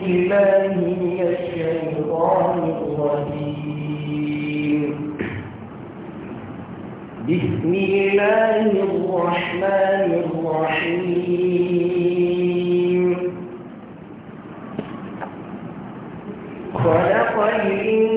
بسم الله الرحمن الرحيم خلق الإنسان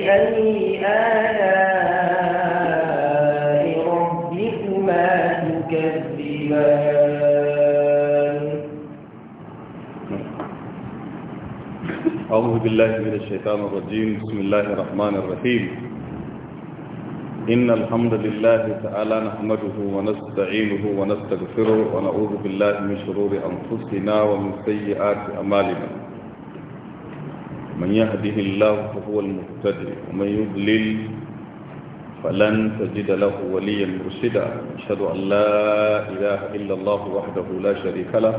فبأي آلاء ربكما تكذبان أعوذ بالله من الشيطان الرجيم بسم الله الرحمن الرحيم إن الحمد لله تعالى نحمده ونستعينه ونستغفره ونعوذ بالله من شرور أنفسنا ومن سيئات أمالنا من يهده الله فهو المهتدي ومن يضلل فلن تجد له وليا مرشدا أشهد أن لا إله إلا الله وحده لا شريك له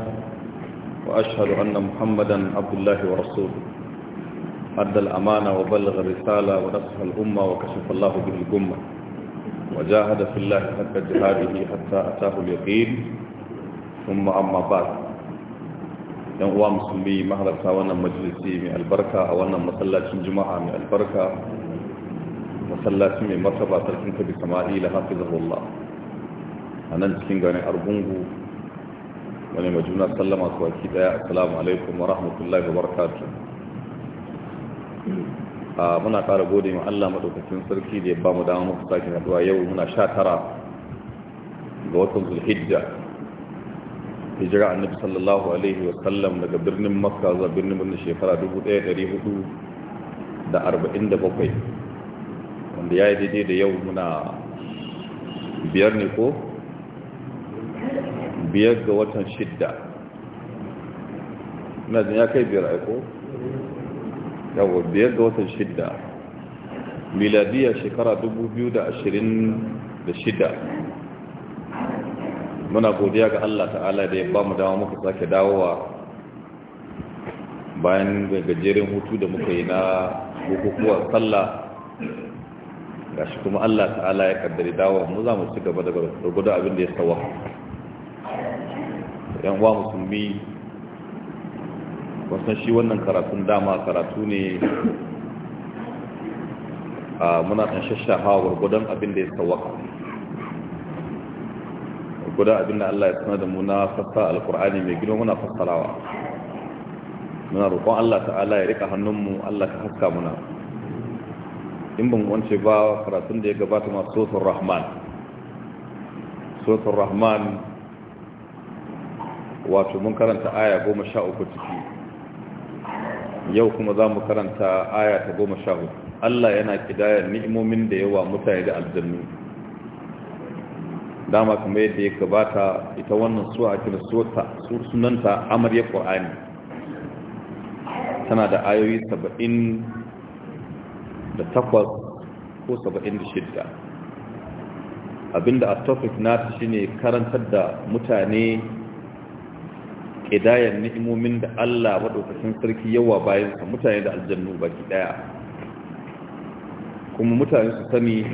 وأشهد أن محمدا عبد الله ورسوله أدى الأمانة وبلغ الرسالة ونصح الأمة وكشف الله به الأمة وجاهد في الله حتى جهاده حتى أتاه اليقين ثم أما بعد yan uwa musulmi mahalarta wannan majalisi mai albarka a wannan masallacin juma'a mai albarka masallacin mai martaba sarkin kabi sama'ila hafizahullah a nan cikin garin argungu wani majuna sallama su waki daya assalamu alaikum wa rahmatullahi wa barakatuh a muna kara gode ma Allah madaukakin sarki da ya ba mu dama muku sake haduwa yau muna sha tara ga watan zulhijja hijira annabi sallallahu alaihi wa sallam daga birnin makka zuwa birnin birnin shekara 1447 wanda ya yi daidai da yau muna biyar ne ko biyar ga watan shidda na jin ya kai biyar aiko yawa biyar ga watan shidda miladiyar shekara 2026 muna godiya ga Allah ta'ala da ya ba mu dawo muka sake dawowa bayan gajeren hutu da muka yi na bukukuwar sallah ga shi kuma Allah ta'ala ya kaddari dawowa mu za mu ci gaba daga gudu abin da ya sawa yan uwa musulmi wasan shi wannan karatun dama karatu ne a muna ɗan shashahawa gudun abin da ya sawa guda abinda Allah ya sanar da mu na fassara alkur'ani mai girma muna fassarawa muna roƙon Allah ta'ala ya rika hannunmu Allah ka haska muna in ban wance ba karatun da ya gabata ma suratul rahman suratul rahman wato mun karanta aya goma sha uku ciki yau kuma za mu karanta aya ta goma sha uku Allah yana kidayar ni'imomin da yawa mutane da aljannu dama kamar yadda ya gabata ita wannan a kira sunanta amarya ƙwa'ani tana da ayoyi saba'in da takwas ko saba'in da abinda a topic nata shine karantar da mutane ƙidayen ni'imomin da Allah maɗaukacin sarki yawa bayansa mutane da aljannu baki ɗaya kuma mutane su sani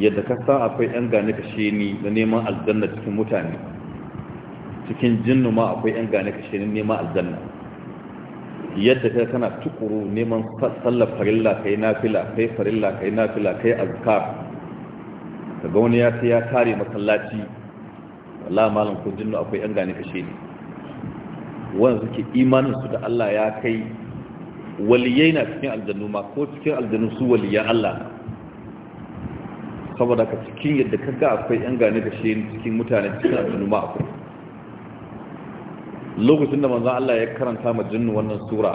yadda ka san akwai yan gane kashe ni na neman aljanna cikin mutane cikin jinnu ma akwai yan gane kashe ni neman aljanna yadda ka kana tukuru neman sallar farilla kai nafila kai farilla kai nafila kai azkar ga wani ya ta ya tare masallaci Allah malam ko jinnu akwai yan gane kashe ni wanda suke imanin su da Allah ya kai waliyai na cikin aljannu ma ko cikin aljannu su waliyan Allah saboda ka cikin yadda ka ga akwai yan gane da shi cikin mutane cikin aljanu ma akwai lokacin da manzan Allah ya karanta ma jinnu wannan sura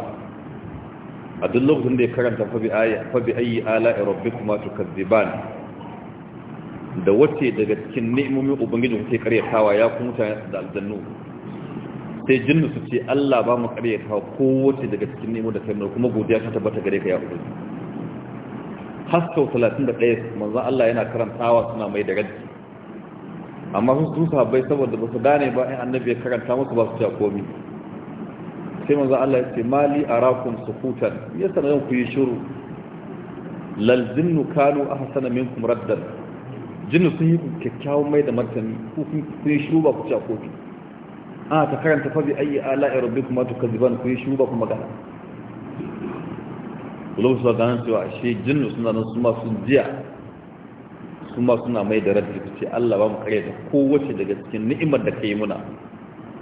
a duk lokacin da ya karanta fabi ayi ala irabbi kuma ne. da wace daga cikin ni'imomin ubangiji kuke karyatawa ya kuma mutane da aljannu sai jinnu su ce Allah ba mu karyatawa ko wace daga cikin ni'imomin da kai kuma godiya ta tabbata gare ka ya ubangiji haskau 31 manzan Allah yana karantawa suna mai da raji. amma sun su sabai saboda ba su gane ba in annabi ya karanta musu ba su ci komi sai manzan Allah ya ce mali arakum sukutan ya sanar ku yi Lal lalzinnu kanu ahsana minkum raddan jinnu sun yi kyakkyawan mai da martani ku kun yi shuru ba ku ci komi a ah, ta karanta fa bi ayi ala'i rabbikum ma tukazziban ku yi shuru ba ku magana kullum su ganin cewa ashe jin suna nan su masu jiya su ma suna mai da rabbi su ce Allah ba mu kare da kowace daga cikin ni'imar da ka kai muna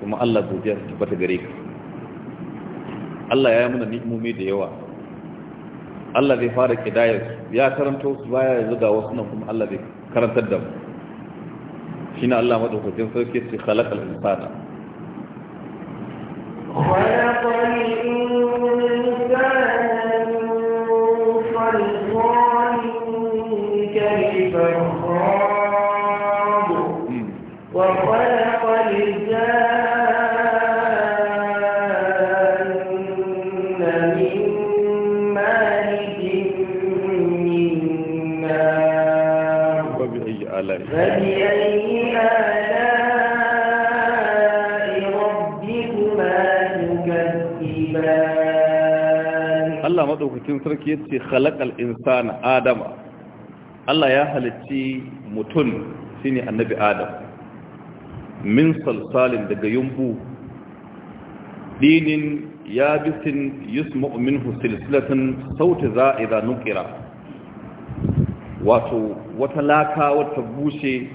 kuma Allah godiya su tabbata gare ka Allah ya yi muna ni'imomi da yawa Allah zai fara kidayar ya karanto su baya yanzu ga wasu nan kuma Allah zai karantar da mu shi na Allah madaukakin sarki ce khalaqal insana khalaqal insana madaukakin sarki ya ce khalaqal insana adama Allah ya halicci mutum shine annabi adam min salsalin daga yumbu dinin yabisin yusma'u minhu silsilatin sauti za'iza nukira wato wata laka wata bushe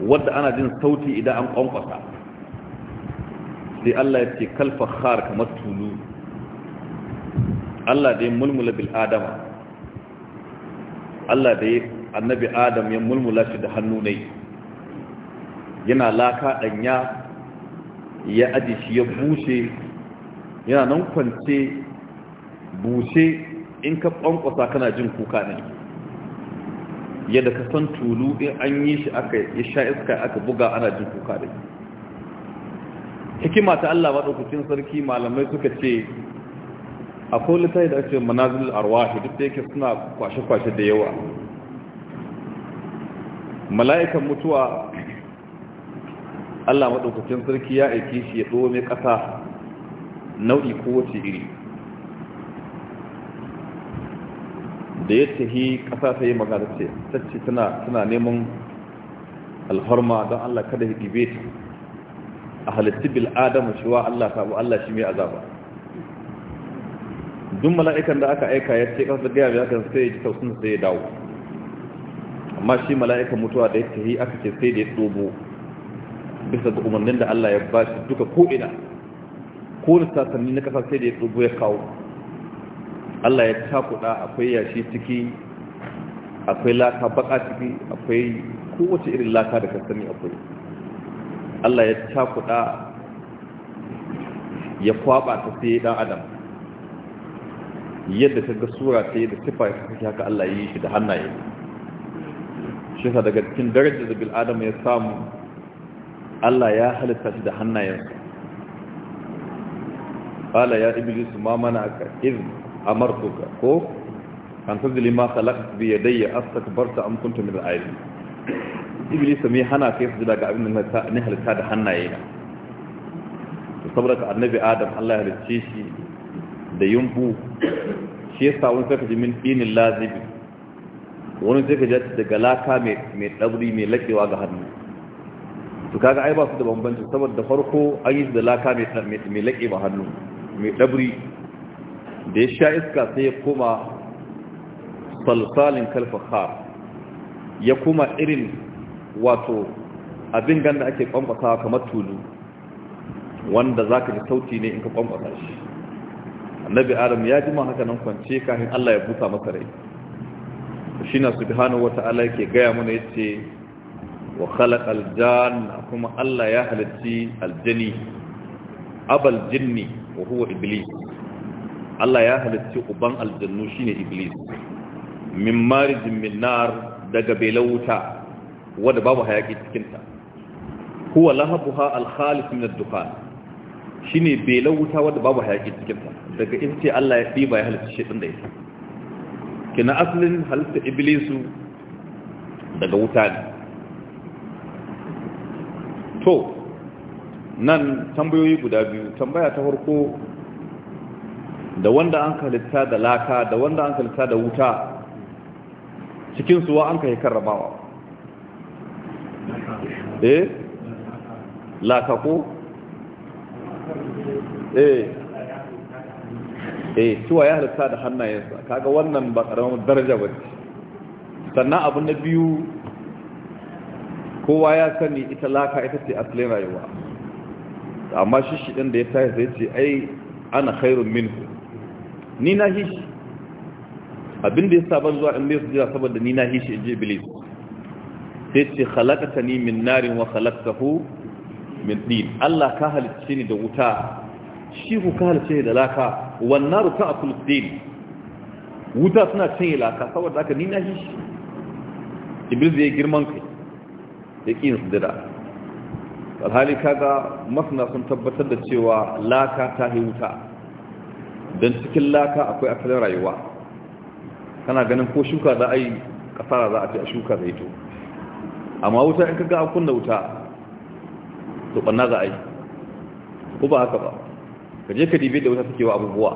wadda ana jin sauti idan an kwankwasa sai Allah ya ce kalfa har kamar tulu Allah da ya mulmula bil adama Allah da ya annabi adam ya mulmula shi da hannu ne yana laka danya ya aji shi ya bushe yana nan kwance bushe in ka kwankwasa kana jin kuka ne yadda ka san tulu in an yi shi aka yi sha iska aka buga ana jin kuka ne hikima ta Allah maɗaukacin sarki malamai suka ce akwai littafi da ake manazil arwahi duk da yake suna kwashe-kwashe da yawa mala'ikan mutuwa Allah maɗaukakin sarki ya aiki shi ya ɗome ƙasa nau'i kowace iri da ya tahi ƙasa ta yi magana ce tana neman alhorma don Allah kada ya ɗibe a halittu bil'adama shi wa Allah sabu Allah shi mai azaba duk mala'ikan da aka aika ya ce kasar gaya ya kan sai ya ji tausun sai ya dawo amma shi mala'ikan mutuwa da ya yi aka ce sai da ya tsobo bisa ga umarnin da Allah ya ba shi duka ko'ina ko lissasanni na kasa sai da ya tsobo ya kawo Allah ya takuda akwai yashi ciki akwai laka baka ciki akwai kowace irin laka da kasani akwai Allah ya takuda ya kwaba ta sai dan adam yadda ka ga sura ta yadda sifa ya kafa haka Allah ya yi shi da hannaye shi sa daga cikin darajar da bil adam ya samu Allah ya halitta shi da hannaye. qala ya iblis ma mana'aka iz amartuka ko kan tazli ma khalaqta bi yadayya astakbarta am kunta min al-ayyin iblis me hana kai su daga abin da ne halitta da hannaye na saboda annabi adam Allah ya halicce shi da yumbu shi yasa wani ka ji min dini lazibi wani sai ka ji daga laka mai ɗauri mai laƙewa ga hannu su kaga ai ba su da bambanci saboda farko an yi da laka mai laƙe ba hannu mai ɗauri da ya sha iska sai ya koma salsalin kalfahar ya koma irin wato abin ganda ake kwamfasa kamar tulu wanda za ka ji sauti ne in ka kwamfasa shi annabi adam ya jima haka nan kwance kafin Allah ya busa masa rai shi na subhanahu wata'ala yake gaya mana yace wa khalaqal janna kuma Allah ya halatti aljani abal jinni wa huwa iblis Allah ya halatti uban aljannu shine iblis min marijin min nar daga belawuta wanda babu hayaki cikin ta huwa lahabuha al khalis min ad-dukhan shine belan wuta wadda babu hayaki cikin daga in ce Allah ya diba ya halitta shi din da ita kina asalin halitta iblisu daga wuta ne to nan tambayoyi guda biyu tambaya ta farko da wanda an kalitta da laka da wanda an kalitta da wuta cikin suwa an kai karrabawa eh laka ko eh eh cewa ya halitta da hannayensa kaga wannan ba karamar daraja ba ce sannan abu na biyu kowa ya sani ita laka ita ce asalin rayuwa amma shi shi ɗin da ya tashi zai ce ai ana khairun minhu ni na hishi da ya ban zuwa in ya su jira saboda ni na hishi in je bilis sai ce halakata ni min narin wa hu? min din allah ka halicce ni da wuta shi hukar ce da laka wannan ruta a kulsdin wuta suna canye laka saboda aka nina shi da ya yi girman kai ya ƙi yin sujada alhali kaga masana sun tabbatar da cewa laka ta yi wuta don cikin laka akwai asalin rayuwa kana ganin ko shuka za a yi kasara za a ce a shuka zai to amma wuta in kaga a kunna wuta to ɓanna za a yi ko ba haka ba ka je ka dibe da wuta suke wa abubuwa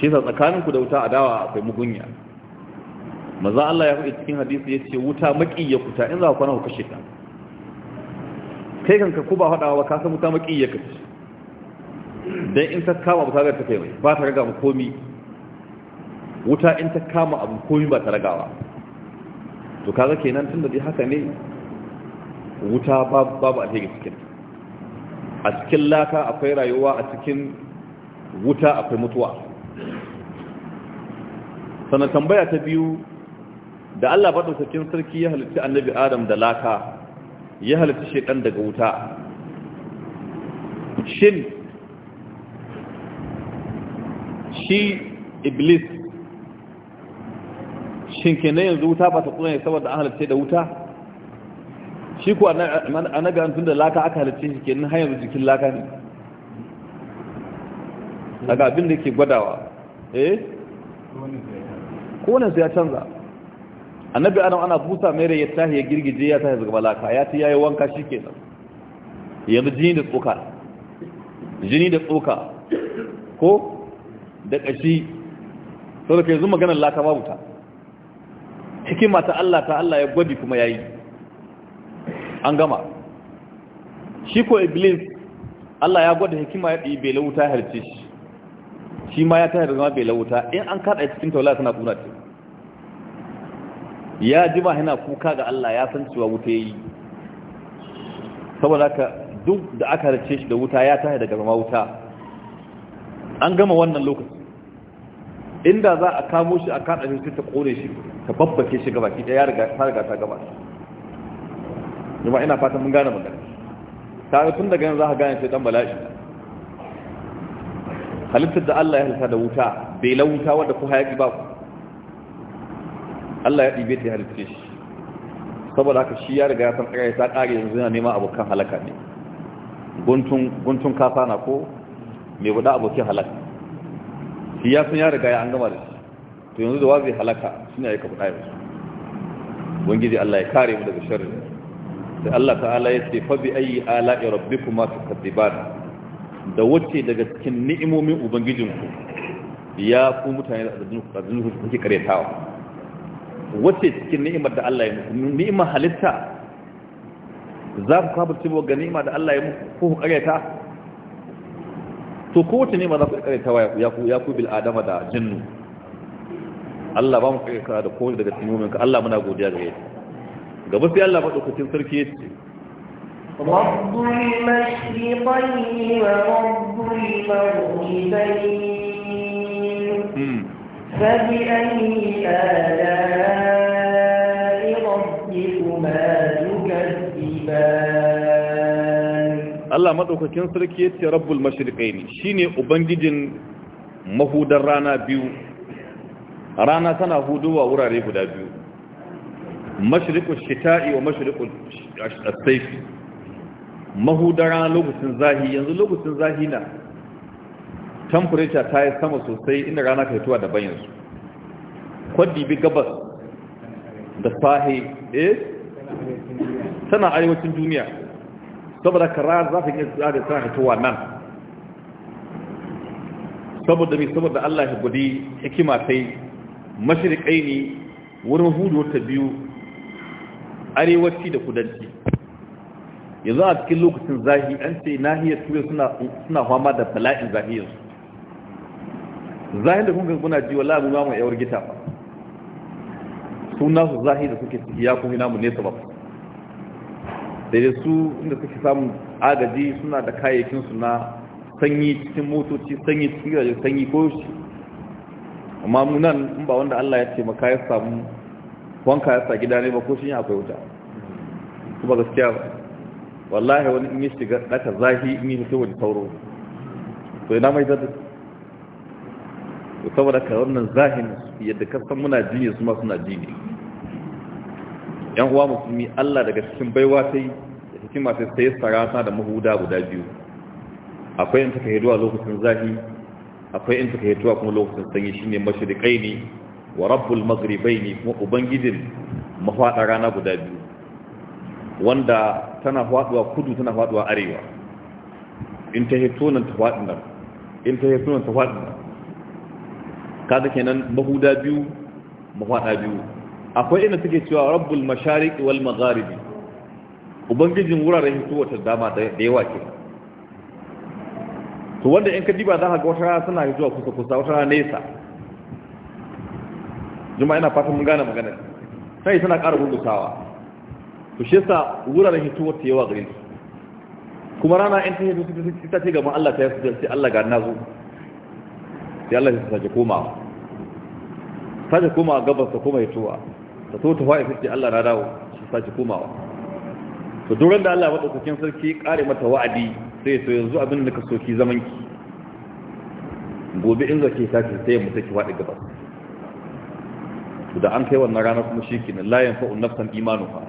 shi sa tsakaninku da wuta adawa akwai mugunya maza Allah ya faɗi cikin hadisi ya ce wuta maƙiyya kuta in za ku kwana ku kashe ta kai kanka ku ba faɗawa ba ka san wuta maƙiyya ka ce dan in ta kama abu tagar ta kai mai ba ta raga mu komi wuta in ta kama abu komi ba ta ragawa to kaga kenan tun da dai haka ne wuta babu a cikin a cikin laka akwai rayuwa a cikin wuta akwai mutuwa sannan tambaya ta biyu da Allah ba cikin sarki ya halitta annabi adam da laka ya halitta shekan daga wuta shin shi iblis shin kenan yanzu wuta ba ta kuna ne saboda an halitta da wuta shi ko na gantun da laka aka halittun shi kenan nan hanyar jikin laka ne daga abin da ke gwadawa eh kone su ya canza a na adam ana busa mai rai ya tahi ya girgije ya tahi zuwa laka ya ta yayi wanka shi nan yanzu jini da tsoka jini da tsoka ko da kashi sau da ke yanzu maganar laka babu ta hikima ta Allah ta Allah ya gwadi kuma yayi an gama shi ko iblis Allah ya gwada hikima ya ɗi bela wuta harce shi shi ma ya tayar zama bela wuta in an kaɗa cikin taula suna kuna ce ya ji ba hina kuka ga Allah ya san cewa wuta ya yi saboda ka duk da aka harce shi da wuta ya tayar daga zama wuta an gama wannan lokaci inda za a kamo shi a kaɗa shi ta ƙone shi ta babbake shi gabaki ɗaya ya riga ta gaba shi jama'a ina fatan mun gane magana ta tun daga nan za ka gane sai dan bala'i halittar da Allah ya halitta da wuta bai la wuta wadda ku hayaki ba ku Allah ya ɗibe ta halitta shi saboda haka shi ya riga ya san ƙarai ta ƙare yanzu yana neman abokan halaka ne guntun kafa na ko mai guda abokin halaka shi ya sun ya riga ya an gama da shi to yanzu da wazi zai halaka suna ya kafa ɗaya wasu ubangiji Allah ya kare mu daga sharri sai Allah ta'ala ya ce fabi ayi ala rabbikuma tukadiban da wacce daga cikin ni'imomin ubangijinku ya ku mutane da azabin ku kuke karetawa. wacce cikin ni'imar da Allah ya muku ni'imar halitta za ku cewa ga ni'ima da Allah ya muku ko ku kareta? to ko wacce ni'ima za ku karetawa ya ku ya ku bil adama da jinnu Allah ba mu ka da kowace daga cikin ni'imomin ka Allah muna godiya ga shi gaba sai Allah madaukakin sarki yace رب المشرقين ورب المغربين فبأي آلاء ربكما تكذبان الله مدوكاكين سركي يتي رب المشرقين شيني أبنجدين مهودر رانا بيو rana tana huduwa wurare guda biyu Mashirikun shita'i wa mashirikun as-sayf mahudara lokacin zahi yanzu lokacin zahi na temperature ta yi sama sosai inda rana ka fitowa daban yanzu kwaddi bi gabas da sahi eh tana arewacin duniya saboda kara za ta yi tsari tana fitowa nan saboda mai saboda Allah ya gudi hikima sai mashirikai ne wurin hudu ta biyu arewaci da kudanci yanzu a cikin lokacin zahi an ce nahiyar turai suna fama da bala'in zahiyarsu zahi da kun kuna ji labu ma mai yawar gita ba suna su zahi da suke ciki ya kuma namu nesa ba yi su inda suke samun agaji suna da kayayyakinsu na sanyi cikin motoci sanyi cikin gajin sanyi ko shi amma munan in ba wanda Allah ya ce maka ya samu wanka ya sa gida ne ba ko shi akwai wuta kuma gaskiya ba wallahi wani in yi shiga ɗaka zahi in yi fito wani sauro to ina mai zata to saboda ka wannan zahin yadda san muna jini su ma suna jini yan uwa musulmi Allah daga cikin baiwa ta yi da cikin masu sai sarasa da mahuda guda biyu akwai in taka hiduwa lokacin zahi akwai in taka hiduwa kuma lokacin sanyi shine mashirikai ne wa rabbul maghribaini kuma ubangijin mafaɗa rana guda biyu wanda tana faɗuwa kudu tana faɗuwa arewa in ta hito nan ta faɗi nan in ta hito nan ta faɗi nan kaga kenan mahuda biyu mafaɗa biyu akwai inda suke cewa rabbul mashariqi wal magharibi ubangijin wuraren hitowa ta dama da yawa ke to wanda in ka diba za ka ga wata rana suna hitowa kusa kusa wata rana nesa juma'a ina fatan mun gane magana sai tana ƙara gurgutawa to shi yasa wuraren hituwar ta yawa gare su kuma rana in ta yi hito ta ce gaban Allah ta yi sujjar sai Allah ga na zo sai Allah ta sake komawa sake komawa gabas ta koma hituwa ta so ta fa'i fiske Allah na dawo shi sake komawa to duran da Allah maɗaukakin sarki ƙare mata wa'adi sai so yanzu abin da ka soki zamanki gobe in zake sake sai mu take faɗi gabas da an kai wannan rana kuma shi kenan la yanfa'u nafsan imanuha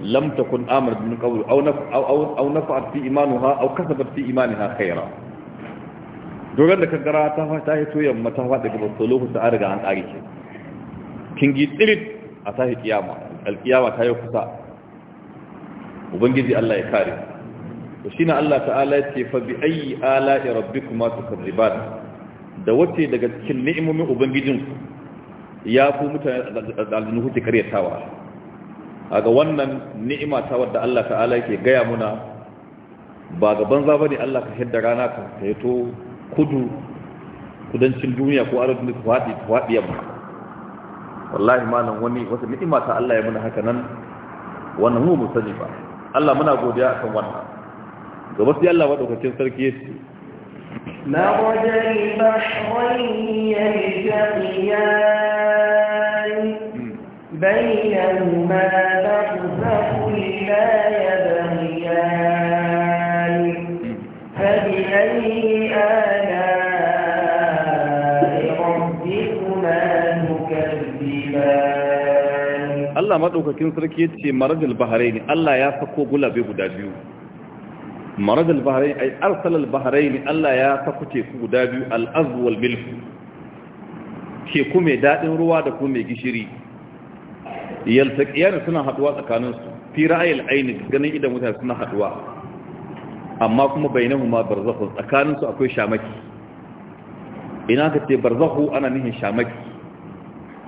lam takun amara bin qawl aw nafa'u aw nafa'at fi imanuha aw kasabat fi imaniha khaira dogon da kaggara ta ta hito yamma ta faɗi gaba to lokacin an riga an Kin gi kingi tsirit a sahi kiyama alkiyama ta yi kusa ubangiji Allah ya kare to shine Allah ta'ala ya ce fa bi ayyi ala'i rabbikuma tukazziban da wace daga cikin ni'imomin ubangijinku ya fi mutane aljanu kuke karyatawa a ga wannan ni'ima ta wadda Allah ta'ala ke gaya muna ba ga banza ba ne Allah ka hidda rana ka haito kudu kudancin duniya ko arzikin da faɗi faɗi yamma wallahi malam wani wata ni'ima ta Allah ya muna haka nan wannan mu sani ba Allah muna godiya akan wannan gaba sai Allah madaukakin sarki ya ce ya البحرين يلتقيان بينهما برزخ لا يبغيان فبأي آلاء ربكما تكذبان الله ما مدوكاكين سركي يتي مرض البحرين الله يا سكو غلبي غدا بيو مرض البحرين أي أرسل البحرين الله يا سكو تيكو غدا بيو الأرض والملك teku mai daɗin ruwa da yaltaqiyani suna haduwa tsakaninsu. su fi ra'ayil aini ganin idan mutane suna haduwa amma kuma bainahuma barzakhu tsakanin su akwai shamaki ina ka ce barzakhu ana nihin shamaki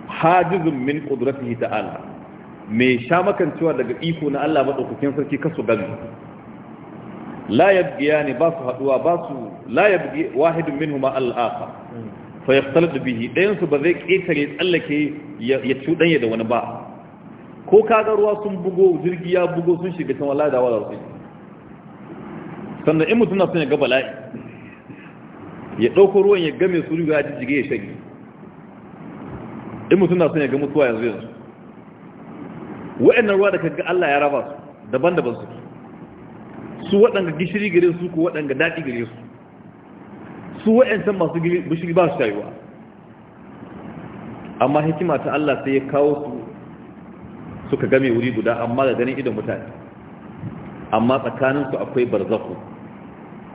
hajizun min qudratihi ta'ala mai shamakan cewa daga iko na Allah madaukakin sarki kasu gani la yabgiyani ba su haduwa ba su la yabgi wahidun minhuma al-akhar hmm. fa yaxtalitu bihi dayan su ba zai ketare tsallake ya cuɗanya da wani ba ko kaga ruwa sun bugo jirgi ya bugo sun shiga can wallahi da wala sai sannan in mutum na son ya ga bala'i ya ɗauko ruwan ya game su riga jige ya shagi in mutum na son ya ga mutuwa yanzu yanzu wa'annan ruwa da kaga Allah ya raba su daban-daban su su waɗanga gishiri gare su ko waɗanga daɗi gare su su wa'ancan masu gishiri ba su shayuwa amma hikima ta Allah sai ya kawo su suka game wuri guda amma da ganin idon mutane amma tsakaninsu akwai barzaku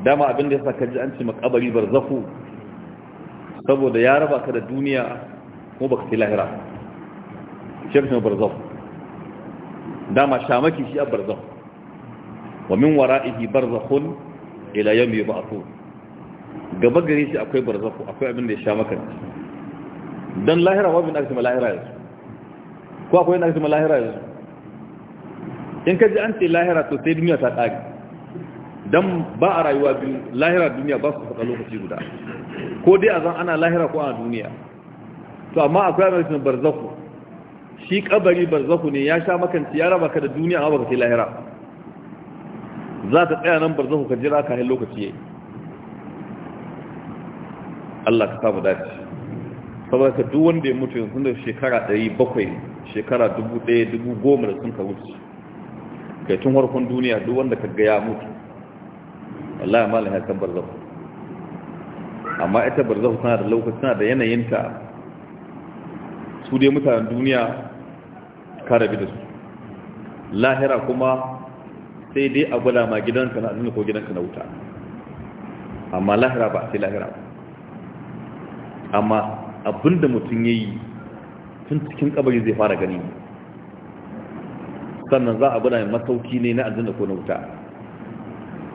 dama abin da ya saka kaji an ce makabari barzaku saboda ya raba ka da duniya ko baka ci lahira shi ne barzaku dama shamaki shi a barzaku wa min wara'ihi barzakhun ila yawmi yub'athun gaba gare shi akwai barzaku akwai abin da ya sha maka dan lahira wabin aka ce lahira yanzu ko akwai yana kuma lahira yanzu in ka ji an ce lahira to sai duniya ta tsari don ba a rayuwa biyu lahira duniya ba su faɗa lokaci guda ko dai a zan ana lahira ko ana duniya to amma akwai yana kuma barzaku shi kabari barzaku ne ya sha makanci ya raba ka da duniya amma baka ce lahira za ta tsaya nan barzaku ka jira ka lokaci yayi Allah ka samu dace saboda ka duk wanda ya mutu yanzu da shekara 700 shekara goma da sun ka wuce kai tun harkon duniya duk wanda ka ga ya mutu wallahi ya malin ya san barzahu amma ita barzahu tana da lokaci tana da yanayinta su dai mutanen duniya ka rabi da su lahira kuma sai dai a gwada ma gidanka na ko gidanka na wuta amma lahira ba sai lahira ba amma abinda mutum ya yi tun cikin kabari zai fara gani sannan za a mai masauki ne na aljanna ko na wuta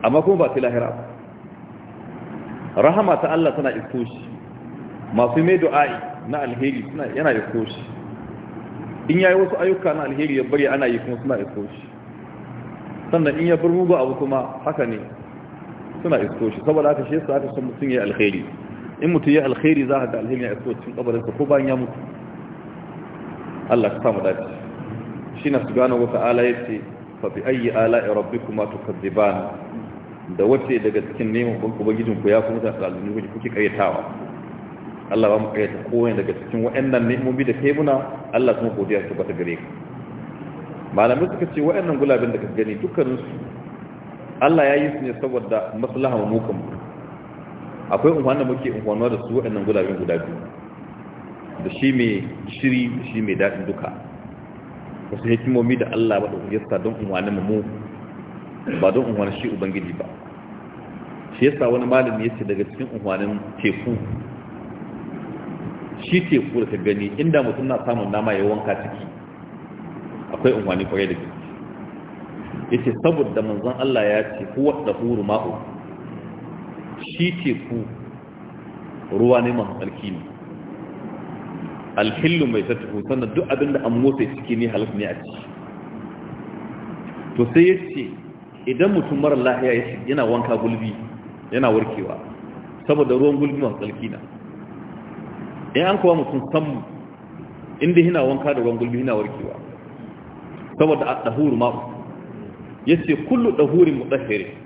amma kuma ba sai lahira rahama ta Allah tana iko shi masu mai du'a'i na alheri yana iko shi in yi wasu ayyuka na alheri ya bari ana yi kuma suna iko shi sannan in ya bar mugu abu kuma haka ne suna iko shi saboda haka shi yasa aka san mutum ya alheri in mutum ya alkhairi za a ga alheri ya iso cikin ka ko bayan ya mutu Allah ka samu dace shi na subhanahu wa ta'ala yace fa bi ayyi ala'i rabbikuma tukadziban da wace daga cikin neman ubangijin ku ya kuma ta aljannu kuke kuke kayyatawa Allah ba mu kayyata kowane daga cikin waɗannan bi da kai muna Allah kuma godiya ta bata gare ka malamai suka ce wa'annan gulabin da ka gani dukkaninsu Allah ya yi su ne saboda maslaha mu mu akwai unguwan da muke unhuwanuwa da su waɗannan gudabin guda biyu da shi mai shiri da shi mai daɗin duka wasu hikimomi da Allah ba da kujesta don unguwanin mu ba don unguwan shi ubangiji ba shi yasa wani malami ya ce daga cikin unguwanin teku shi teku da ta gani inda mutum na samun nama ya wanka ciki akwai unguwanin kwaye da gaske ya ce saboda manzon Allah ya ce kuwa da huru ma'u shi teku ruwa ne masu tsarki ne alhillu mai tattafu sannan duk abin da an motsa ciki ne halittu ne a ciki to sai ya ce idan mutum mara lahiya ya yana wanka gulbi yana warkewa saboda ruwan gulbi masu tsarki na in an kawo mutum samu inda yana wanka da ruwan gulbi yana warkewa saboda a ɗahuru ma'u ya ce kullu mu mutsahirin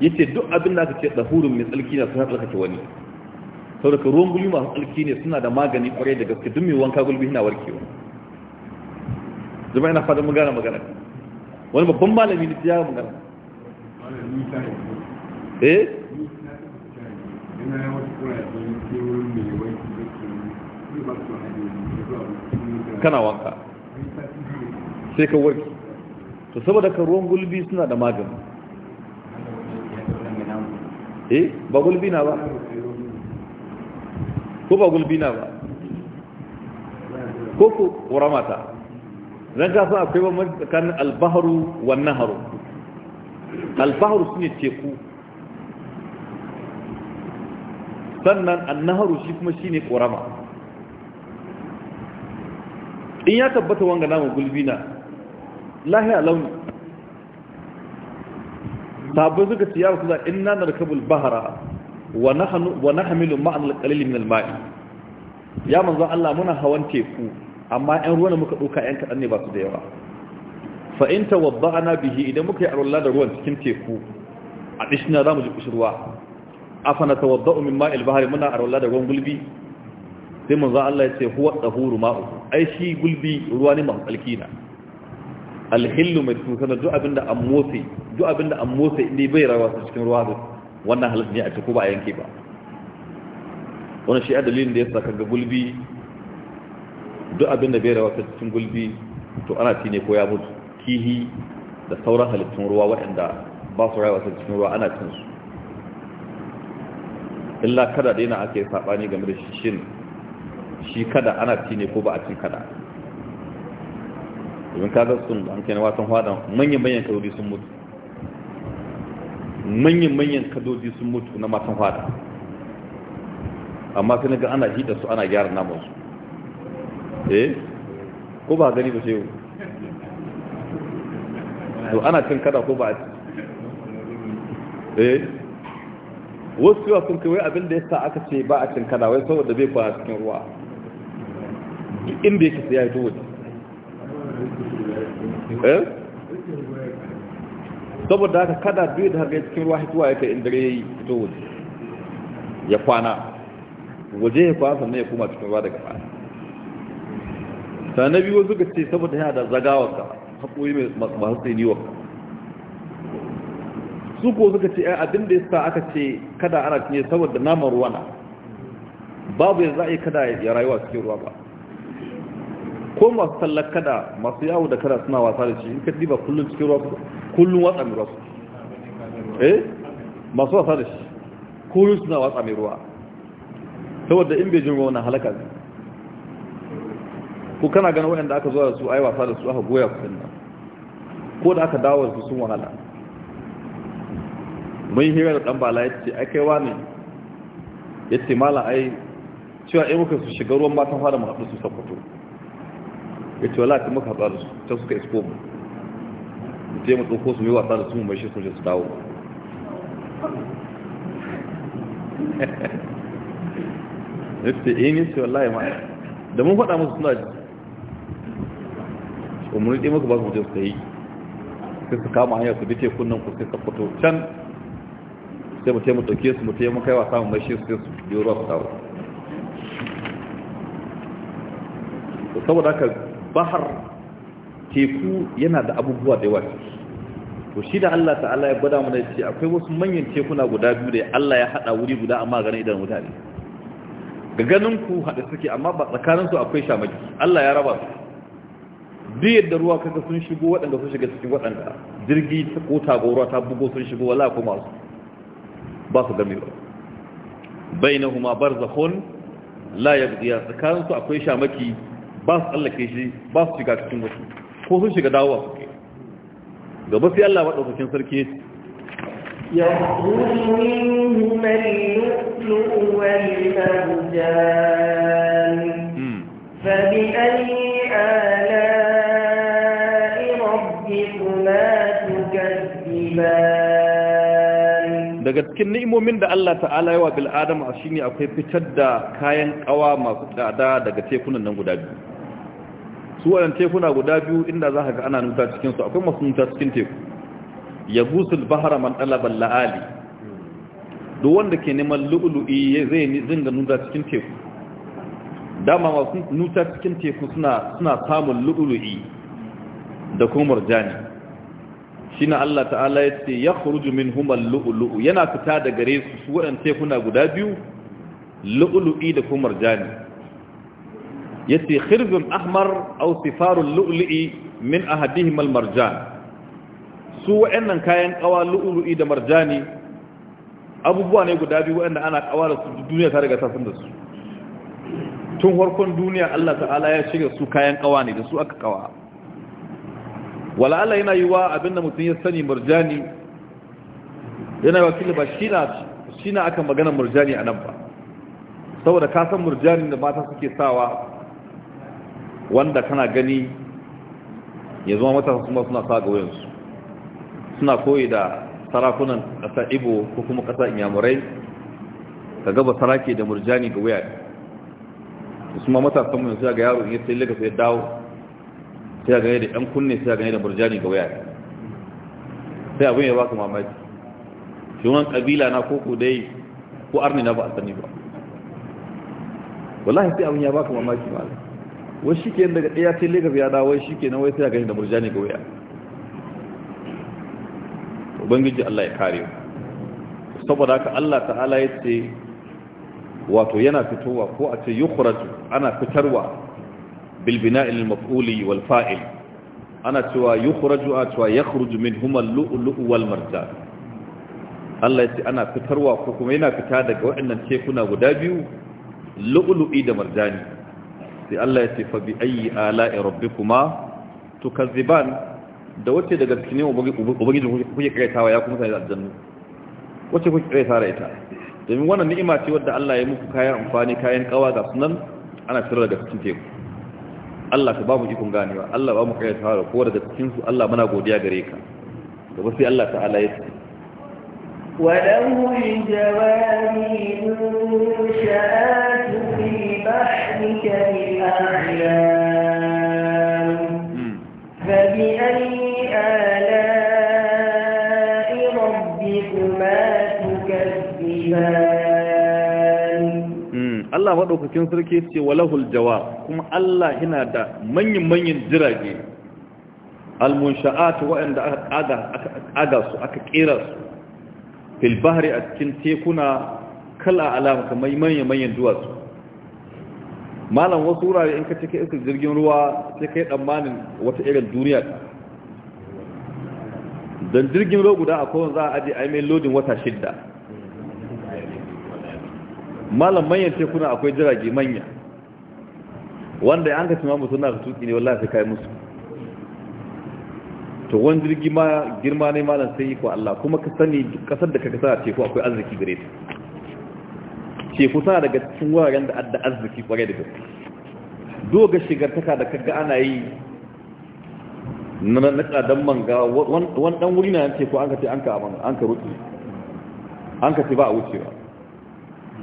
yace duk abin da aka ce dahurun mai tsalki na suna tsarkake wani saboda ruwan gulbi masu tsalki ne suna da magani kwarai da gaske duk mai wanka gulbi yana warkewa zama yana fadar magana magana wani babban malami ne ya magana eh kana wanka sai ka warke to saboda ka ruwan gulbi suna da magani E ba gulbina ba ko ba bina ba ko ko ƙuramata zan ka san akwai wani tsakanin albaharu wa naharu albaharu su ne teku sannan annaharu shi kuma shi ne ƙorama in ya tabbata wanga namun gulbina lahiya launi sabu suka ce ya rasu za inna narkabul bahara wa nahnu wa nahmilu ma'an al-qalil min al-ma'i ya manzo Allah muna hawan teku amma ɗan ruwan muka ɗauka ɗan kaɗan ne ba su da yawa fa in tawadda'na bihi idan muka yi arwalla da ruwan cikin teku a dishina zamu ji kushurwa afana tawadda'u min ma'il bahri muna arwalla da ruwan gulbi sai manzo Allah ya ce huwa tahuru ma'u ai shi gulbi ruwa ne mai tsalki na hillu mai tuka da duk abinda an motsi duk abin da an motsa inda bai rawa su cikin ruwa wannan halittu ne a ci ko ba a yanke ba wani shi a dalilin da ya saka ga gulbi duk abin da bai rawa su cikin gulbi to ana ci ne ko ya mutu kihi da sauran halittun ruwa waɗanda ba su rawa su cikin ruwa ana cin su illa kada da yana ake saɓani game da shi shin shi kada ana ci ne ko ba a cin kada domin kaga sun an kai na watan hwadan manyan manyan kalori sun mutu manyan-manyan kadoji sun mutu na matan fada amma sai naga ana hida su ana gyara namansu eh ko ba gani ba sai to ana cin kada ko ba eh wasu yawa sun kawai abin da ya sa aka ce ba a cin kada wai saboda bai kwa cikin ruwa inda yake sai ya yi to waje eh saboda haka kada duk da haka cikin ruwa hituwa yake in dare yi fito waje ya kwana waje ya kwana sannan ya kuma cikin ruwa daga baya sannan biyu suka ce saboda yana da zagawarsa haƙoƙi masu wa su ko suka ce abin da ya sa aka ce kada ana cinye saboda naman ruwa na babu yanzu za a yi kada ya rayuwa cikin ruwa ba ko masu tallar kada masu yawo da kada suna wasa da shi in ka diba kullum cikin ruwa kullum watsa mai ruwa eh masu wasa da shi kullum suna watsa mai ruwa saboda in bejin ruwa na halaka ne ko kana ganin waɗanda aka zo da su ai wasa da su aka goya kuɗin nan ko da aka dawo da su sun wahala mun hira da dan bala yace ai kai ne yace mala ai cewa ai muka su shiga ruwan matan fara mu haɗu su sakwato ya ce wala ta muka haɗa da su ta suka isko mu da yi mu ko su mai wasa da su mai shi sun su dawo ya ce yi eh, ne wala ya ma da mun faɗa musu suna ji umarni ɗaya maka ba su wajen su yi sai su kama hanyar su bice kunnan ku sai sakwato can sai mu taimaka ɗauke su mu taimaka yawa samun mai shi su sai su biyo ruwa su dawo saboda haka bahar teku yana da abubuwa da yawa to shi da Allah ta'ala ya gwada mana da akwai wasu manyan tekuna guda biyu da Allah ya hada wuri guda amma ganin idan mutane ga ganin ku hada suke amma ba tsakanin su akwai shamaki Allah ya raba su duk yadda ruwa kaga sun shigo waɗanda sun shiga cikin waɗanda jirgi ko tagowar ta bugo sun shigo wala kuma su ba su gami ba bainahuma barzakhun la yabdiya tsakanin su akwai shamaki ba su tsallake shi ba su shiga cikin wasu ko sun shiga dawowa suke gaba sai Allah maɗaukakin sarki ya يخرج hmm. daga cikin ni'imomin da Allah ta'ala yawa bil adama shine akwai fitar da kayan kawa masu tsada daga tekunan nan guda biyu su wadan tekuna guda biyu inda za ka ga ana nuta cikinsu akwai masu nuta cikin teku ya gusul bahara man ɗalabar la'ali duk wanda ke neman lu'ulu'i zai zinga nuta cikin teku dama masu nuta cikin teku suna samun lu'ulu'i da kuma murjani shi na Allah ta'ala ya ce ya kuruju min humar lu'ulu'u yana fita da gare su su wadan tekuna guda biyu lu'ulu'i da kuma murjani yace khirzun ahmar aw sifarul lu'lu'i min ahadihim al marjan su wa'annan kayan kawa lu'lu'i da marjani abubuwa ne guda biyu wa'anda ana kawa da su duniya ta riga ta san da su tun farkon duniya Allah ta'ala ya shiga su kayan kawa ne da su aka kawa wala Allah yana yiwa abinda mutum ya sani marjani yana wakili ba shi na aka magana Marjani a nan ba saboda ka san Marjani da mata suke sawa wanda kana gani ya zama matasa suna suna sa wayansu suna koyi da sarakunan ƙasa ibo ko kuma ƙasa inyamurai ka gaba sarake da murjani ga waya su kuma matasa mai suna ga yaro in sai laga ya dawo sai gane da ɗan kunne sai gane da murjani ga waya sai abin ya ba su mamaki shi wani ƙabila na koko dai ko arni na ba a sani ba wallahi sai abin ya ba ka mamaki ba wai shi kenan daga ɗaya sai lagos ya dawo shi ke kenan wai sai a gani da murjani ga waya ubangiji allah ya kare saboda haka allah ta'ala ya ce wato yana fitowa ko a ce yukhraju ana fitarwa bilbina bina'il maf'uli wal fa'il ana cewa yukhraju a cewa yakhruju min huma al wal marjan Allah ya ce ana fitarwa ko kuma yana fita daga waɗannan tekuna guda biyu lu'lu'i da marjani sai Allah ya ce fa bi ayi ala'i rabbikuma tukazziban da wacce daga cikin ubangijin kuke kaitawa ya kuma sai da aljannu wacce kuke kaitawa da ita domin wannan ni'ima ce wadda Allah ya muku kayan amfani kayan kawa ga sunan ana fitar daga cikin teku Allah ka ba mu ikon ganewa Allah ba mu kaitawa da kowa daga cikin su Allah muna godiya gare ka gaba sai Allah ta'ala ya ce وله الجوار المنشآت في بحرك الأعلام فبأي آلاء ربكما تكذبان الله وضعك كنسركي وله الجواب كما الله هنا دا من من يدراجي المنشآت وإن دا أدس أكيرس في البحر malam wasu wurare in ka cike iska jirgin ruwa sai kai tsammanin wata irin duniya ta don jirgin ruwa guda a kowane za a aji a mai lodin wata shidda malam manyan tekuna akwai jirage manya wanda ya an ka mamu suna na tuki ne wallahi sai kai musu to wani jirgi ma girma ne malam sai yi ko Allah kuma ka sani kasar da ka kasa a teku akwai arziki gare ta ke tana daga cikin wuraren da adda arziki kware da gaske doga shigartaka da kaga ana yi na tsadan manga wani dan wuri na teku an ka ce an ka an ka roƙi an ka ce ba a wucewa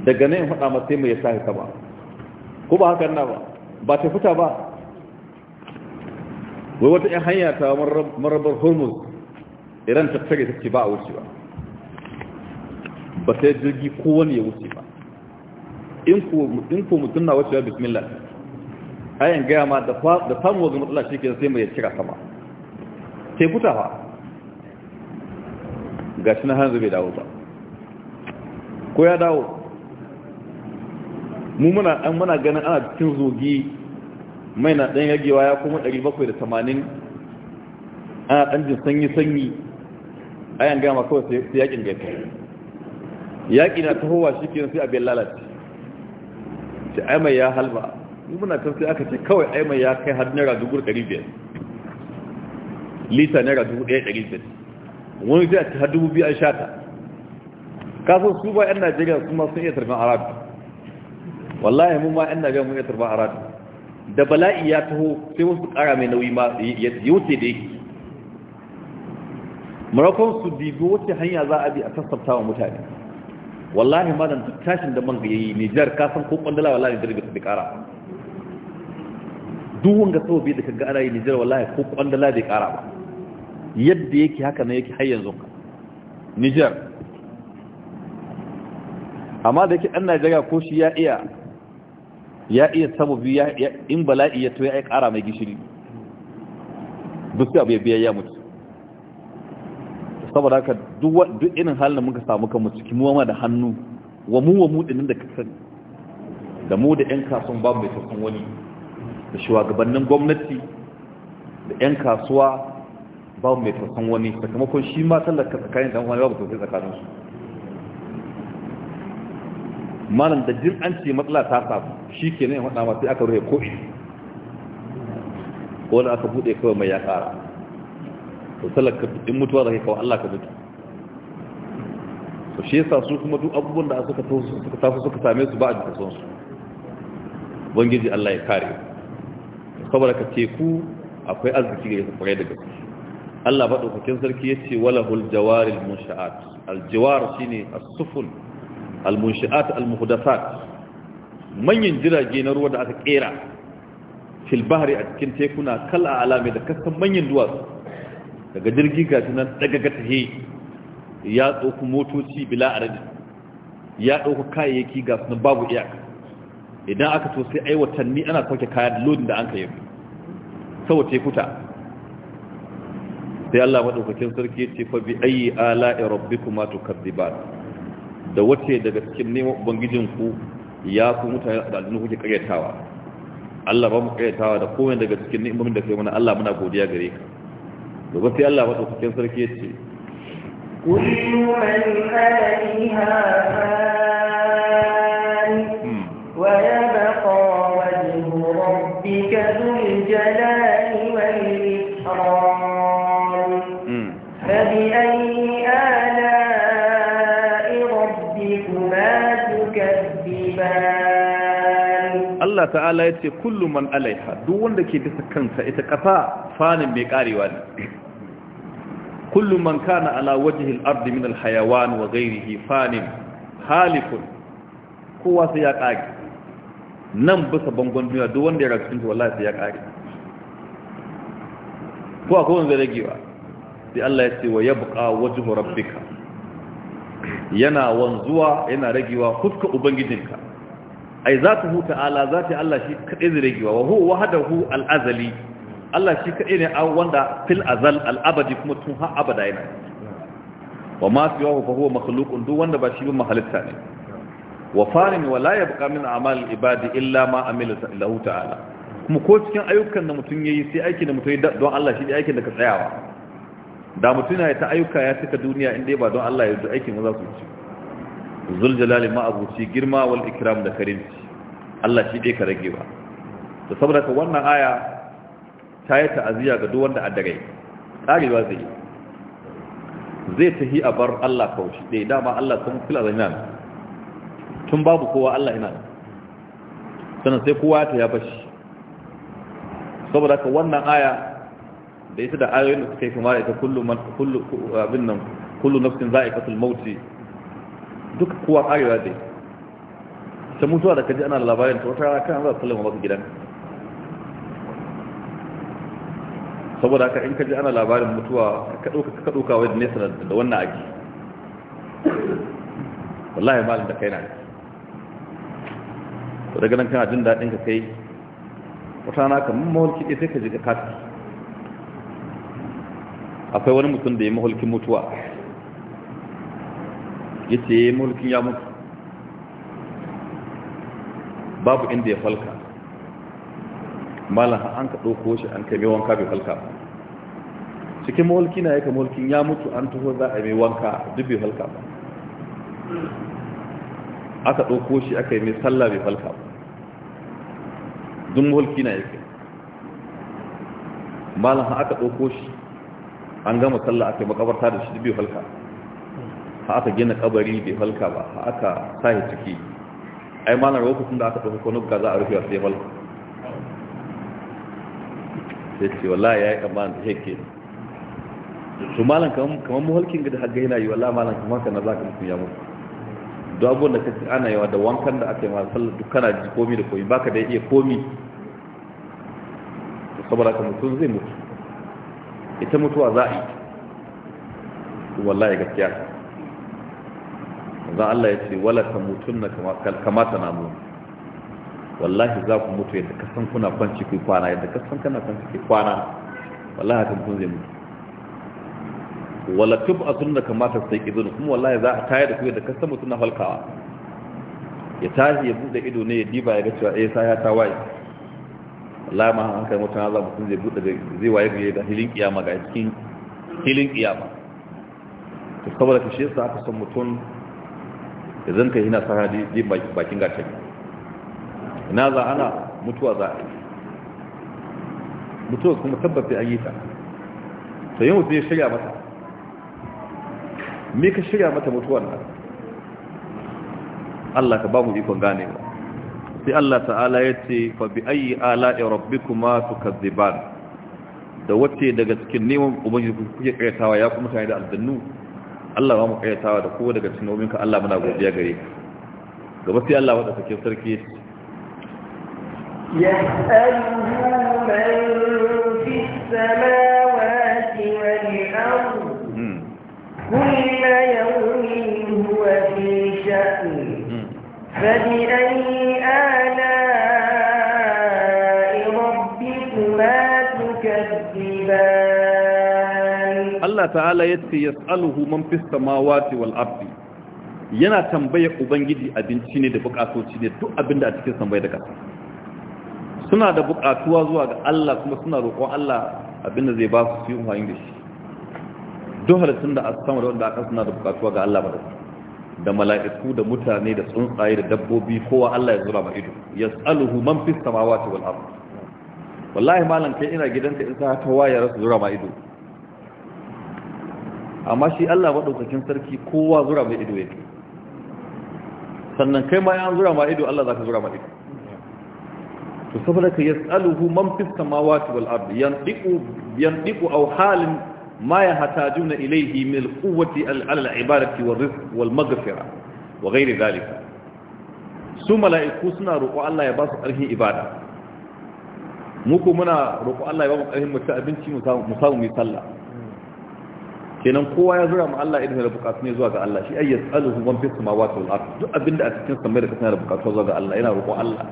daga nan faɗa ma sai mai ya sahi ba ko ba hakan na ba ba ta fita ba wai wata 'yan hanya ta marabar hormuz iran ta tsare ta ce ba a wucewa ba sai jirgi kowane ya wuce ba in ko mutum na wacewa bismillah ayan gaya ma da samun wajen matsala shi ke sai mai cika sama sai kuta ba ga shi na hanzu bai dawo ba ko ya dawo mu muna an muna ganin ana cikin zogi mai na ɗan yagewa ya kuma 780 ana ɗan jin sanyi-sanyi gaya ma kawai sai yakin gaita yaƙi na tahowa shi ke sai abin lalace ce ai mai ya halba ni muna kan sai aka ce kawai ai mai ya kai har naira dubu ɗari biyar lita naira dubu ɗaya ɗari biyar wani zai a ta dubu biyu an shata kasan su ba yan najeriya su ma sun iya tarban arabi wallahi mun ma yan najeriya mun iya tarban arabi da bala'i ya taho sai wasu ƙara mai nauyi ma ya wuce da yake marakon su bibi wuce hanya za a bi a sassabta wa mutane wallahi malam duk tashin da man yayi Nijar ka san ko kwandala wallahi Nijar bai kara duk wanda so bai da kaga ana yi jar wallahi ko kwandala bai kara ba yadda yake haka ne yake har yanzu Nijar amma da yake dan Najeriya ko shi ya iya ya iya sababi ya in bala'i ya to ya kara mai gishiri duk sai abu ya biya ya mutu saboda haka duk irin halin da muka samu kanmu cikin muwa da hannu wa mu wa mu dinin da ka sani da mu da 'yan kasuwan babu mai sassan wani da shugabannin gwamnati da 'yan kasuwa babu mai sassan wani sakamakon shi ma tallaka tsakanin da wani babu tsakanin tsakaninsu malam da jin an ce matsala ta samu shi ke ne wadda masu aka rufe ko'i da aka buɗe kawai mai ya ƙara to talaka in mutuwa zaka kawo Allah ka zuta to shi yasa su kuma duk abubuwan da suka su suka tafi suka same su ba a jikin su bangiji Allah ya kare saboda ka teku akwai arziki ga kwarai da gaske Allah ba daukakin sarki yace walahul jawaril munshaat aljawar shine as-sufun al-munshaat al-muhdathat manyan jirage na ruwa da aka kera fil bahri a cikin tekuna kala alame da kasan manyan duwatsu daga jirgi ga nan daga gata he ya ɗauki motoci bila aradi ya ɗauki kayayyaki ga sunan babu iyaka idan aka to sai ai watanni ana sauke kaya da lodin da an ka yi sau kuta sai Allah maɗaukacin sarki ce fa bi ayi ala rabbikuma ba da wace daga cikin neman ku ya ku mutane da al'adun kuke karyatawa Allah ba mu karyatawa da kowane daga cikin neman da kai mana Allah muna godiya gare ka domin sai Allah madaukakin sarki ya ce kullu man alaiha fan hmm. wa yabqa wajhu rabbika dhul jalali wal ikram hmm. fa bi ayyi ala'i rabbikuma tukazziban Allah ta'ala yace kullu man alaiha duk wanda ke bisa kansa ita kafa fanin mai karewa ne kullu man kana ala wajhi al-ardi min al-hayawan wa ghayrihi fanin kowa sai ya kage nan bisa bangon duniya duk wanda ya rasu wallahi sai ya kage ko akwai wanda ragewa sai Allah ya ce wa yabqa wajhu rabbika yana wanzuwa yana ragewa huska ubangijinka ai hu ta'ala zati Allah shi kadai zai ragewa wa huwa wahdahu al-azali Allah shi kaɗai ne an wanda fil azal al'abadi kuma tun har abada yana wa ma su fi yawa fahuwa makhlukun duk wanda ba shi bin mahalitta ne wa farin wa la yabqa min a'mal ibadi illa ma amila lahu ta'ala kuma ko cikin ayyukan da mutum ya yi sai aikin da mutum yi don Allah shi ne aikin da ka tsayawa da mutum ya ta ayyuka ya cika duniya in ya ba don Allah ya zo aikin za su ci zul jalali ma abuci girma wal ikram da karimci Allah shi dai ka rage ba Da saboda ka wannan aya ta yi ta'aziyya ga duk wanda a dare karewa zai yi zai tahi a bar Allah kawai dai dama Allah sun fila da nan tun babu kowa Allah ina sannan sai kowa ta ya bashi saboda ka wannan aya da ita da ayoyin da suka yi kuma ita kullu nafsin za a yi kullu mauti duk kowa karewa dai ta mutuwa da kaji ana labarin ta wata rana kan za a sallama maka gidanka saboda haka in ka ji ana labarin mutuwa ka ɗauka wajen nesa da wannan ake wallahi malin da kai na ko daga nan kana jin daɗin ka kai wata na kan mawalki ɗaya sai ka ji ka kasa akwai wani mutum da ya mawalkin mutuwa ya ce ya eh, mawalkin ya mutu babu inda ya falka malin an ka ɗauko shi an kai mewan kafin falka ba cikin mulki na yaka mawalkin ya mutu an taho za a mai wanka duk bai halka ba aka ɗauko shi aka yi mai sallah bai halka ba duk mulki na yake. malam ha aka ɗauko shi an gama sallah aka yi makabarta da shi bai halka ha aka gina kabari bai halka ba ha aka sahi ciki ai malam lokacin da aka ɗauko kwanuka za a rufe sai halka sai ce wallahi ya yi kamar da yake su malam kamar muhalkin da haka yana yi wala malam kamar kana za ka mutum ya mutu duk abubuwan da kace ana yawa da wankan da aka yi masu sallar duk kana ji komi da komi baka da iya komi saboda ka mutum zai mutu ita mutuwa za a yi wallahi gaskiya za Allah ya ce wala ka mutun na kamata na mu wallahi za ku mutu yadda kasan kuna kwanci kai kwana yadda kasan kana kwanci kai kwana wallahi haka mutum zai mutu wala tub asunna kamata sai idon kuma wallahi za a tayar da ku da kasan mutum na halkawa ya tashi ya bude ido ne ya diba ya ga cewa eh sai ya tawaye wallahi ma an kai mutum za mutum zai bude zai waye ga da kiyama ga cikin dalilin kiyama to saboda shi yasa aka san mutum ya kai yana sa din bakin gashin ina za ana mutuwa za a mutuwa kuma tabbata an yi ta sai mutum ya shirya mata me ka shirya mata mutuwar nan Allah ka ba mu iko gane. sai Allah ta'ala ya ce fa bi ayi ala'i rabbikuma tukazziban da wace daga cikin neman ubangiji kuke karyatawa ya kuma tare da aljannu Allah ba mu karyatawa da kowa daga cikin nominka Allah muna godiya gare ka gaba sai Allah wanda kake sarki ya yas'aluhu man fis samaa Allah ta'ala ya ce, الله تعالى يتي يسأله من wal السماوات yana tambaya ubangiji abinci ne da bukatoci ne duk abinda a cikin sambai da kasa suna da bukatuwa zuwa ga Allah kuma suna roƙon Allah abinda zai ba su su yi da shi duk halittun da a sama da wanda aka suna da bukatuwa ga Allah ba da su da mala'iku da mutane da tsuntsaye da dabbobi kowa Allah ya zura ma ido yas'aluhu man fi samawati wal ard wallahi malam kai ina gidanka in sa ta waya rasu zura ma ido amma shi Allah madaukakin sarki kowa zura ma ido yake sannan kai ma yan zura ma ido Allah zaka zura ma ido to saboda ka yas'aluhu man fi samawati wal ard yan yandiqu aw halin ما يحتاجون إليه من القوة على العبادة والرزق والمغفرة وغير ذلك su mala'iku suna roƙo Allah ya ba su ƙarfin ibada muku muna roƙo Allah ya ba mu ƙarfin mutu abinci mu samu mai sallah kenan kowa ya zura mu Allah idan da bukatu ne zuwa ga Allah shi ayyas aluhu wan fi samawati wal ardh duk abinda a cikin samai da kasa da bukatu zuwa ga Allah yana roƙo Allah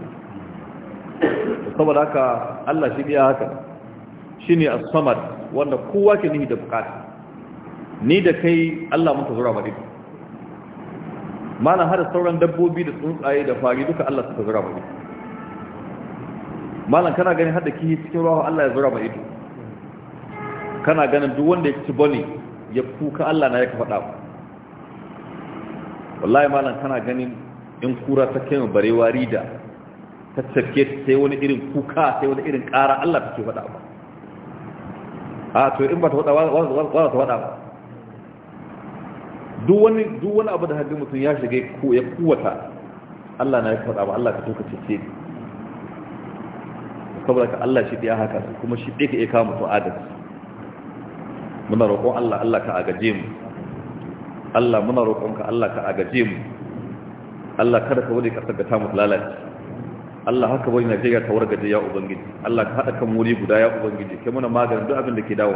saboda haka Allah shi biya haka shine as-samad wanda kowa ke nihi da bukata ni da kai Allah muka zura baɗi har hada sauran dabbobi da tsuntsaye da fari duka Allah suka zura baɗi malam kana ganin hada kihi cikin ruwa Allah ya zura bari kana ganin duk wanda ya ci bane ya kuka Allah na ya ka faɗa wallahi malam kana ganin in kura ta kai barewa rida ta tafke sai wani irin kuka sai wani irin ƙara Allah take faɗa ba a to in ba ta wada wada ta wada duk wani duk wani abu da hadin mutum ya shige ko ya kuwata Allah na ya fada ba Allah ka toka cece saboda ka Allah shi ya haka kuma shi dai ka iya kawo mutum adalci muna roƙon Allah Allah ka agaje mu Allah muna roƙonka Allah ka agaje mu Allah kada ka wani ka tabbata mu lalace Allah haka bari Najeriya ta wargaje ya ubangiji Allah ka haɗa kan wuri guda ya ubangiji kai muna maganin duk abin da ke dawo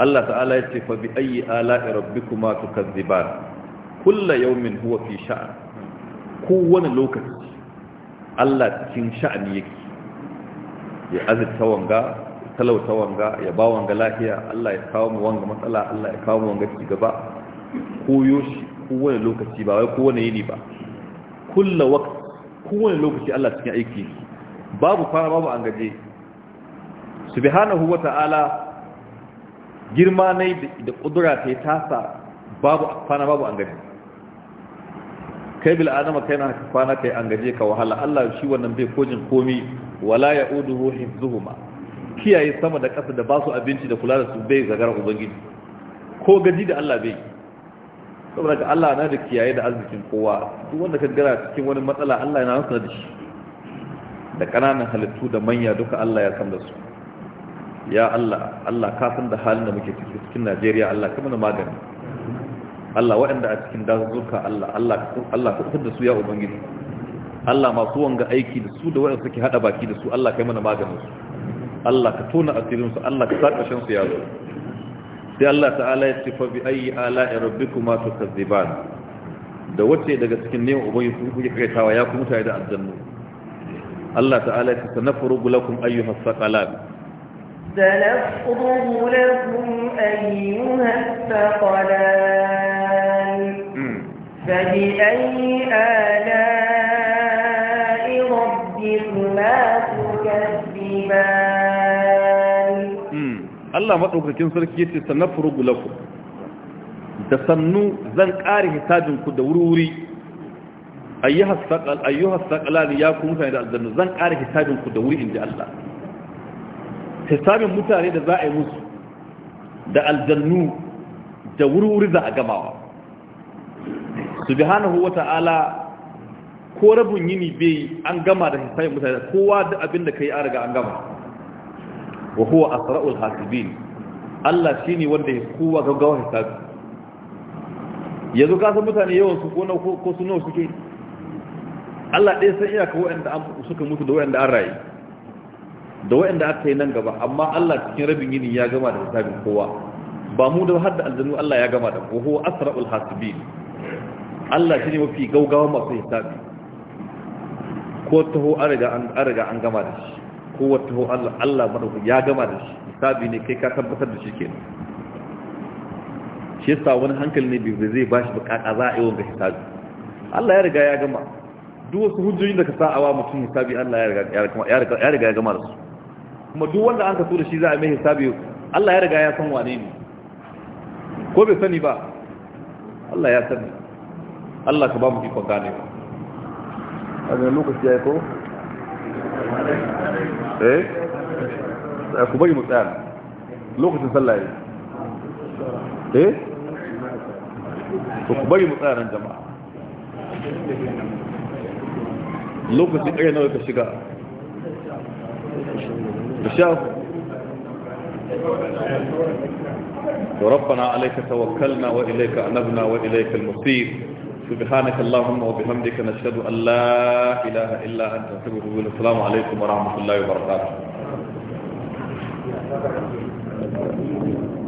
Allah ta'ala ya ce fa bi ayyi ala'i rabbikuma tukazziban kullu yawmin huwa fi sha'n kowane lokaci Allah cikin sha'ani yake ya azurta wanga talauta wanga ya ba wanga lafiya Allah ya kawo mu wanga matsala Allah ya kawo mu wanga ci gaba koyo ko kowane lokaci ba wai kowane yini ba kullu waqti kowane lokaci Allah cikin aiki babu kwana babu an gaje subhanahu wa ta'ala girma ne da kudura ta tasa babu kwana babu an gaje kai bil adama kai na kwana kai an gaje ka wahala Allah shi wannan bai kojin komi wala ya'uduhu hifzuhuma kiyaye sama da kasa da basu abinci da kula da su bai zagara ubangiji ko gaji da Allah bai saboda ka Allah na da kiyaye da arzikin kowa duk wanda ka gara cikin wani matsala Allah yana nasa da shi da kananan halittu da manya duka Allah ya san da su ya Allah Allah ka san da halin da muke ciki cikin Najeriya Allah ka mana magani Allah waɗanda a cikin dazuka Allah Allah Allah ka fitar da su ya ubangiji Allah masu wanga aiki da su da waɗanda suke hada baki da su Allah kai mana maganin su Allah ka tona asirin su Allah ka sa ƙarshen su ya zo sai Allah ta'ala ya sifa bi ayi ala rabbikuma tukazziban da wace daga cikin neman ubangiji kuke kaitawa ya kuma tare da aljannu Allah ta'ala ya ce sanafrugu lakum ayyuhas saqalan sanafrugu lakum ayyuhas saqalan hmm. fa bi ayi ala Allah maɗaukakin sarki ya ce sannan furugu da sannu zan ƙare hisajinku da wuri-wuri ayyuhar saƙalani ya kuma mutane da aljannu zan ƙare hisajinku da wuri inda Allah hisabin mutane da za a yi musu da aljannu da wuri-wuri za a gamawa subhanahu wa ta'ala ko rabin yini bai an gama da hisabin mutane kowa da abin da ka yi an riga an gama wa huwa asra'ul hasibin Allah shine wanda kowa gaggawa hisabi yanzu ka san mutane yawan su ko ko su nawa suke Allah ɗaya san iyaka waɗanda suka mutu da waɗanda an rayu da waɗanda aka yi nan gaba amma Allah cikin rabin yini ya gama da hisabin kowa ba mu da har da aljanu Allah ya gama da wa huwa asra'ul hasibin Allah shine mafi gaggawa masu hisabi ko taho an riga an gama da shi kowace ho Allah Allah madauki ya gama da shi hisabi ne kai ka tabbatar da shi kenan shi yasa wani hankali ne bai zai bashi bukata za a yi wanga hisabi Allah ya riga ya gama duk wasu hujjoji da ka sa awa mutum hisabi Allah ya riga ya gama da su kuma duk wanda an ka so da shi za a mai hisabi Allah ya riga ya san wane ne ko bai sani ba Allah ya sani Allah ka ba mu ikon gane ba a lokaci ya yi ko إيه؟, ايه كوبايه مسألة لغة تسلى ايه ايه كوبايه مسألة يا جماعة لغة ايه نوع الشجاع بشاف ربنا عليك توكلنا وإليك أنبنا وإليك المصير سبحانك اللهم وبحمدك نشهد أن لا إله إلا أنت نستغفرك ونتوب السلام عليكم ورحمة الله وبركاته